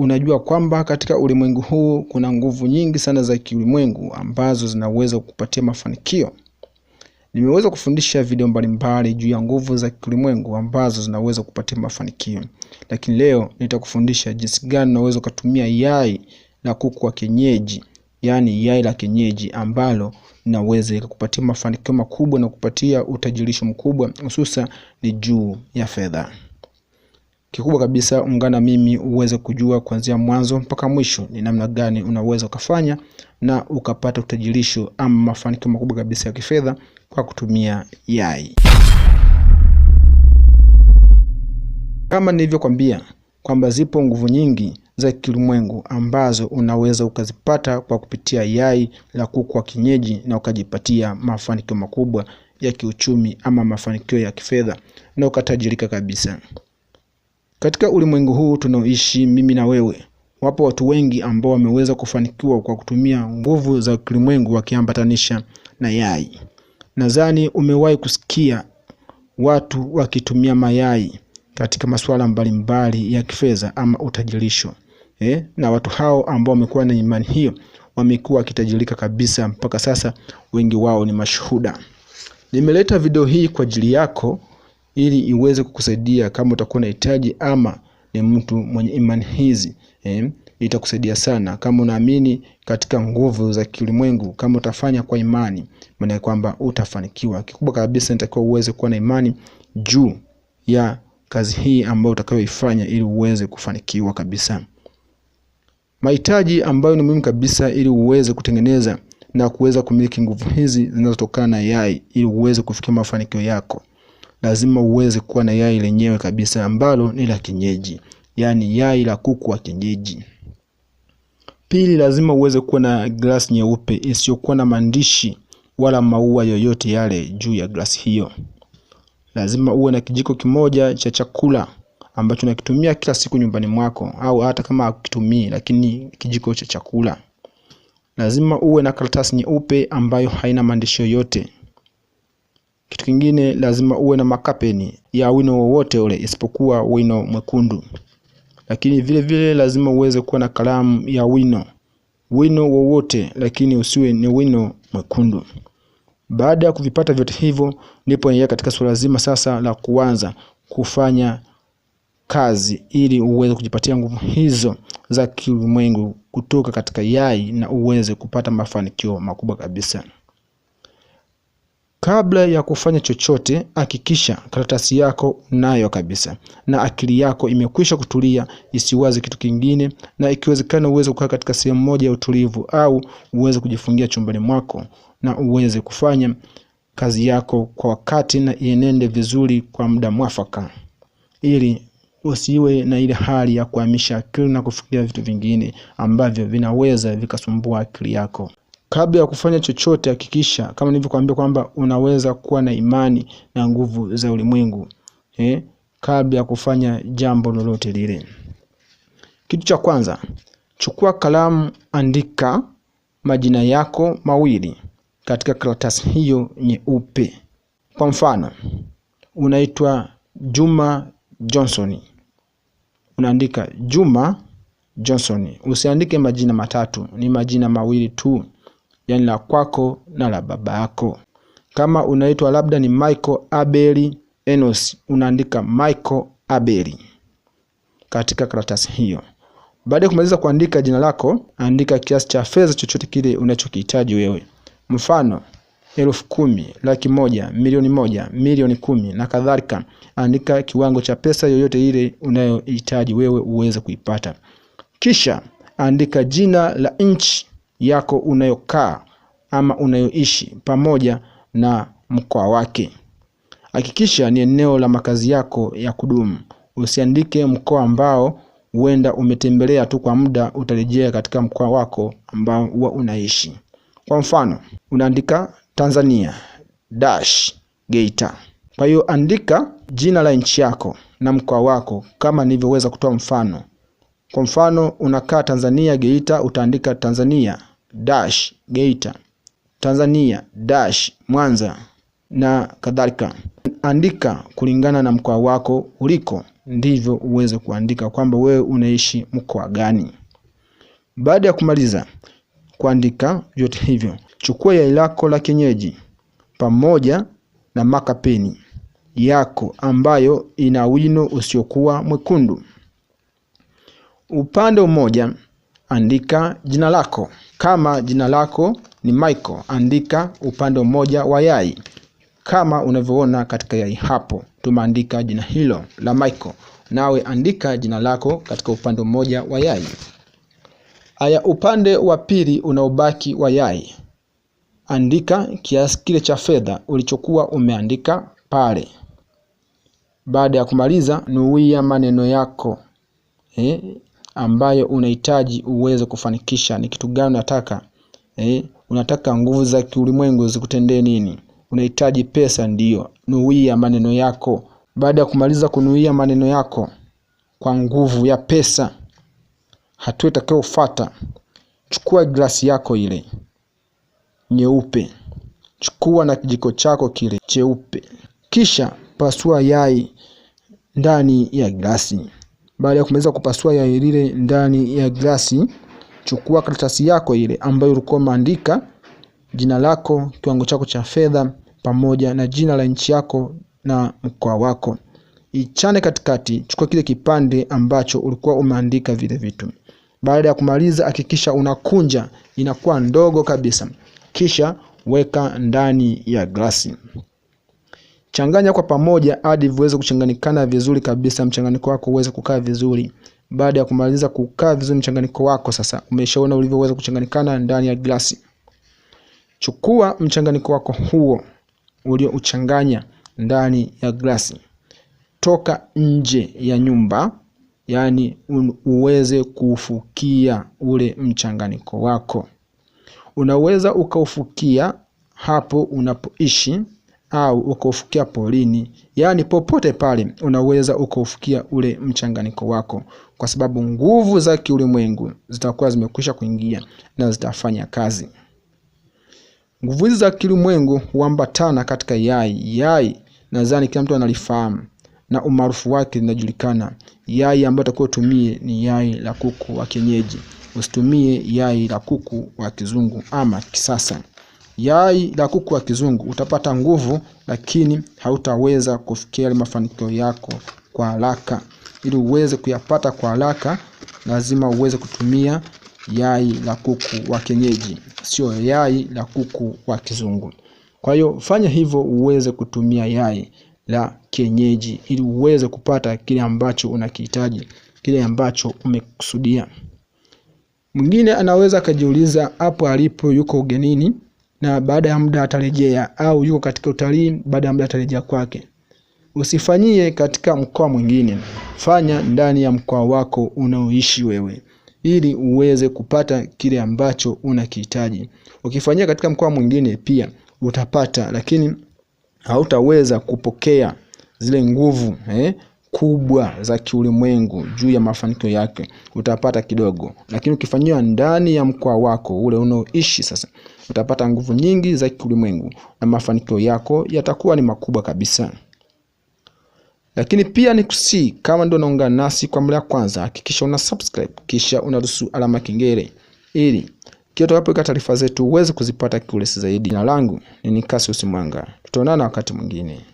unajua kwamba katika ulimwengu huu kuna nguvu nyingi sana za kiulimwengu ambazo zinaweza kukupatia mafanikio. Nimeweza kufundisha video mbalimbali juu ya nguvu za kiulimwengu ambazo zinaweza kupatia mafanikio, lakini leo nitakufundisha jinsi gani unaweza ukatumia yai la kuku wa kienyeji, yaani yai la kienyeji ambalo linaweza ikakupatia mafanikio makubwa na kupatia utajirisho mkubwa, hususa ni juu ya fedha. Kikubwa kabisa, ungana mimi uweze kujua kuanzia mwanzo mpaka mwisho ni namna gani unaweza ukafanya na ukapata utajirisho ama mafanikio makubwa kabisa ya kifedha kwa kutumia yai. Kama nilivyokwambia kwamba zipo nguvu nyingi za kilimwengu ambazo unaweza ukazipata kwa kupitia yai la kuku wa kienyeji na ukajipatia mafanikio makubwa ya kiuchumi ama mafanikio ya kifedha na ukatajirika kabisa. Katika ulimwengu huu tunaoishi mimi na wewe, wapo watu wengi ambao wameweza kufanikiwa kwa kutumia nguvu za ulimwengu wakiambatanisha na yai. Nadhani umewahi kusikia watu wakitumia mayai katika masuala mbalimbali ya kifedha ama utajirisho eh? Na watu hao ambao wamekuwa na imani hiyo wamekuwa wakitajirika kabisa mpaka sasa, wengi wao ni mashuhuda. Nimeleta video hii kwa ajili yako ili iweze kukusaidia kama utakuwa unahitaji ama ni mtu mwenye imani hizi eh, itakusaidia sana. Kama unaamini katika nguvu za kilimwengu, kama utafanya kwa imani, maana kwamba utafanikiwa. Kikubwa kabisa nitakiwa uweze kuwa na imani juu ya kazi hii ambayo utakayoifanya ili uweze kufanikiwa kabisa. Mahitaji ambayo ni muhimu kabisa ili uweze kutengeneza na kuweza kumiliki nguvu hizi zinazotokana na yai ili uweze kufikia mafanikio yako lazima uweze kuwa na yai lenyewe kabisa ambalo ni la kienyeji, yaani yai la kuku wa kienyeji. Pili, lazima uweze kuwa na glasi nyeupe isiyokuwa na maandishi wala maua yoyote yale juu ya glasi hiyo. Lazima uwe na kijiko kimoja cha chakula ambacho unakitumia kila siku nyumbani mwako, au hata kama hakukitumii, lakini kijiko cha chakula. Lazima uwe na karatasi nyeupe ambayo haina maandishi yoyote kitu kingine lazima uwe na makapeni ya wino wowote ule isipokuwa wino mwekundu, lakini vile vile lazima uweze kuwa na kalamu ya wino wino wowote, lakini usiwe ni wino mwekundu. Baada ya kuvipata vyote hivyo, ndipo ingia katika suala zima sasa la kuanza kufanya kazi ili uweze kujipatia nguvu hizo za kiulimwengu kutoka katika yai na uweze kupata mafanikio makubwa kabisa. Kabla ya kufanya chochote, hakikisha karatasi yako nayo kabisa na akili yako imekwisha kutulia, isiwaze kitu kingine, na ikiwezekana uweze kukaa katika sehemu moja ya utulivu, au uweze kujifungia chumbani mwako na uweze kufanya kazi yako kwa wakati na ienende vizuri kwa muda mwafaka, ili usiwe na ile hali ya kuhamisha akili na kufikiria vitu vingine ambavyo vinaweza vikasumbua akili yako. Kabla ya kufanya chochote, hakikisha kama nilivyokuambia kwamba unaweza kuwa na imani na nguvu za ulimwengu eh, kabla ya kufanya jambo lolote lile. Kitu cha kwanza, chukua kalamu, andika majina yako mawili katika karatasi hiyo nyeupe. Kwa mfano, unaitwa Juma Johnson, unaandika Juma Johnson. Usiandike majina matatu, ni majina mawili tu yani la kwako na la baba yako. Kama unaitwa labda ni Michael Abeli Enos, unaandika Michael Abeli katika karatasi hiyo. Baada ya kumaliza kuandika jina lako, andika kiasi cha fedha chochote kile unachokihitaji wewe, mfano elfu kumi, laki moja, milioni moja, milioni kumi na kadhalika. Andika kiwango cha pesa yoyote ile unayohitaji wewe uweze kuipata, kisha andika jina la nchi yako unayokaa ama unayoishi pamoja na mkoa wake. Hakikisha ni eneo la makazi yako ya kudumu. Usiandike mkoa ambao huenda umetembelea tu kwa muda, utarejea katika mkoa wako ambao huwa unaishi. Kwa mfano, unaandika Tanzania dash Geita. Kwa hiyo andika jina la nchi yako na mkoa wako kama nilivyoweza kutoa mfano. Kwa mfano unakaa Tanzania Geita, utaandika Tanzania dash Geita, Tanzania dash Mwanza na kadhalika. Andika kulingana na mkoa wako uliko, ndivyo uweze kuandika kwamba wewe unaishi mkoa gani. Baada ya kumaliza kuandika vyote hivyo, chukua yai lako la kienyeji pamoja na makapeni yako ambayo ina wino usiokuwa mwekundu. Upande mmoja andika jina lako. Kama jina lako ni Michael, andika upande mmoja wa yai kama unavyoona katika yai hapo tumeandika jina hilo la Michael. Nawe andika jina lako katika upande mmoja wa yai. Aya, upande wa pili unaobaki wa yai andika kiasi kile cha fedha ulichokuwa umeandika pale. Baada ya kumaliza, nuia maneno yako eh, ambayo unahitaji uweze kufanikisha. Ni kitu gani unataka eh? Unataka nguvu za kiulimwengu zikutendee nini? Unahitaji pesa, ndiyo. Nuia maneno yako. Baada ya kumaliza kunuia maneno yako kwa nguvu ya pesa, hatua itakayofuata, chukua glasi yako ile nyeupe, chukua na kijiko chako kile cheupe, kisha pasua yai ndani ya glasi. Baada ya kumaliza kupasua ya lile ndani ya glasi, chukua karatasi yako ile ambayo ulikuwa umeandika jina lako, kiwango chako cha fedha, pamoja na jina la nchi yako na mkoa wako. Ichane katikati, chukua kile kipande ambacho ulikuwa umeandika vile vitu. Baada ya kumaliza, hakikisha unakunja, inakuwa ndogo kabisa, kisha weka ndani ya glasi. Changanya kwa pamoja hadi viweze kuchanganyikana vizuri kabisa, mchanganyiko wako uweze kukaa vizuri. Baada ya kumaliza kukaa vizuri mchanganyiko wako, sasa umeshaona ulivyoweza kuchanganyikana ndani ya glasi. Chukua mchanganyiko wako huo uliouchanganya ndani ya glasi, toka nje ya nyumba, yaani uweze kufukia ule mchanganyiko wako. Unaweza ukaufukia hapo unapoishi au ukaufukia polini, yaani popote pale unaweza ukaufukia ule mchanganyiko wako, kwa sababu nguvu za kiulimwengu zitakuwa zimekwisha kuingia na zitafanya kazi. Nguvu hizi za kiulimwengu huambatana katika yai. Yai nadhani kila mtu analifahamu na umaarufu wake linajulikana. Yai ambayo utakuwa utumie ni yai la kuku wa kienyeji, usitumie yai la kuku wa kizungu ama kisasa. Yai la kuku wa kizungu utapata nguvu, lakini hautaweza kufikia mafanikio yako kwa haraka. Ili uweze kuyapata kwa haraka, lazima uweze kutumia yai la kuku wa kienyeji, sio yai la kuku wa kizungu. Kwa hiyo fanya hivyo, uweze kutumia yai la kienyeji ili uweze kupata kile ambacho unakihitaji, kile ambacho umekusudia. Mwingine anaweza akajiuliza hapo alipo, yuko ugenini, na baada ya muda atarejea, au yuko katika utalii, baada ya muda atarejea kwake. Usifanyie katika mkoa mwingine, fanya ndani ya mkoa wako unaoishi wewe, ili uweze kupata kile ambacho unakihitaji. Ukifanyia katika mkoa mwingine pia utapata, lakini hautaweza kupokea zile nguvu eh, kubwa za kiulimwengu juu ya mafanikio yake utapata kidogo, lakini ukifanyiwa ndani ya mkoa wako ule unaoishi sasa, utapata nguvu nyingi za kiulimwengu na mafanikio yako yatakuwa ni makubwa kabisa. Lakini pia ni kusi, kama ndio unaungana nasi kwa mara ya kwanza, hakikisha una subscribe kisha unaruhusu alama kengele, ili kila tunapoweka taarifa zetu uweze kuzipata kiurahisi zaidi. Jina langu ni Nikasi Usimwanga, tutaonana wakati mwingine.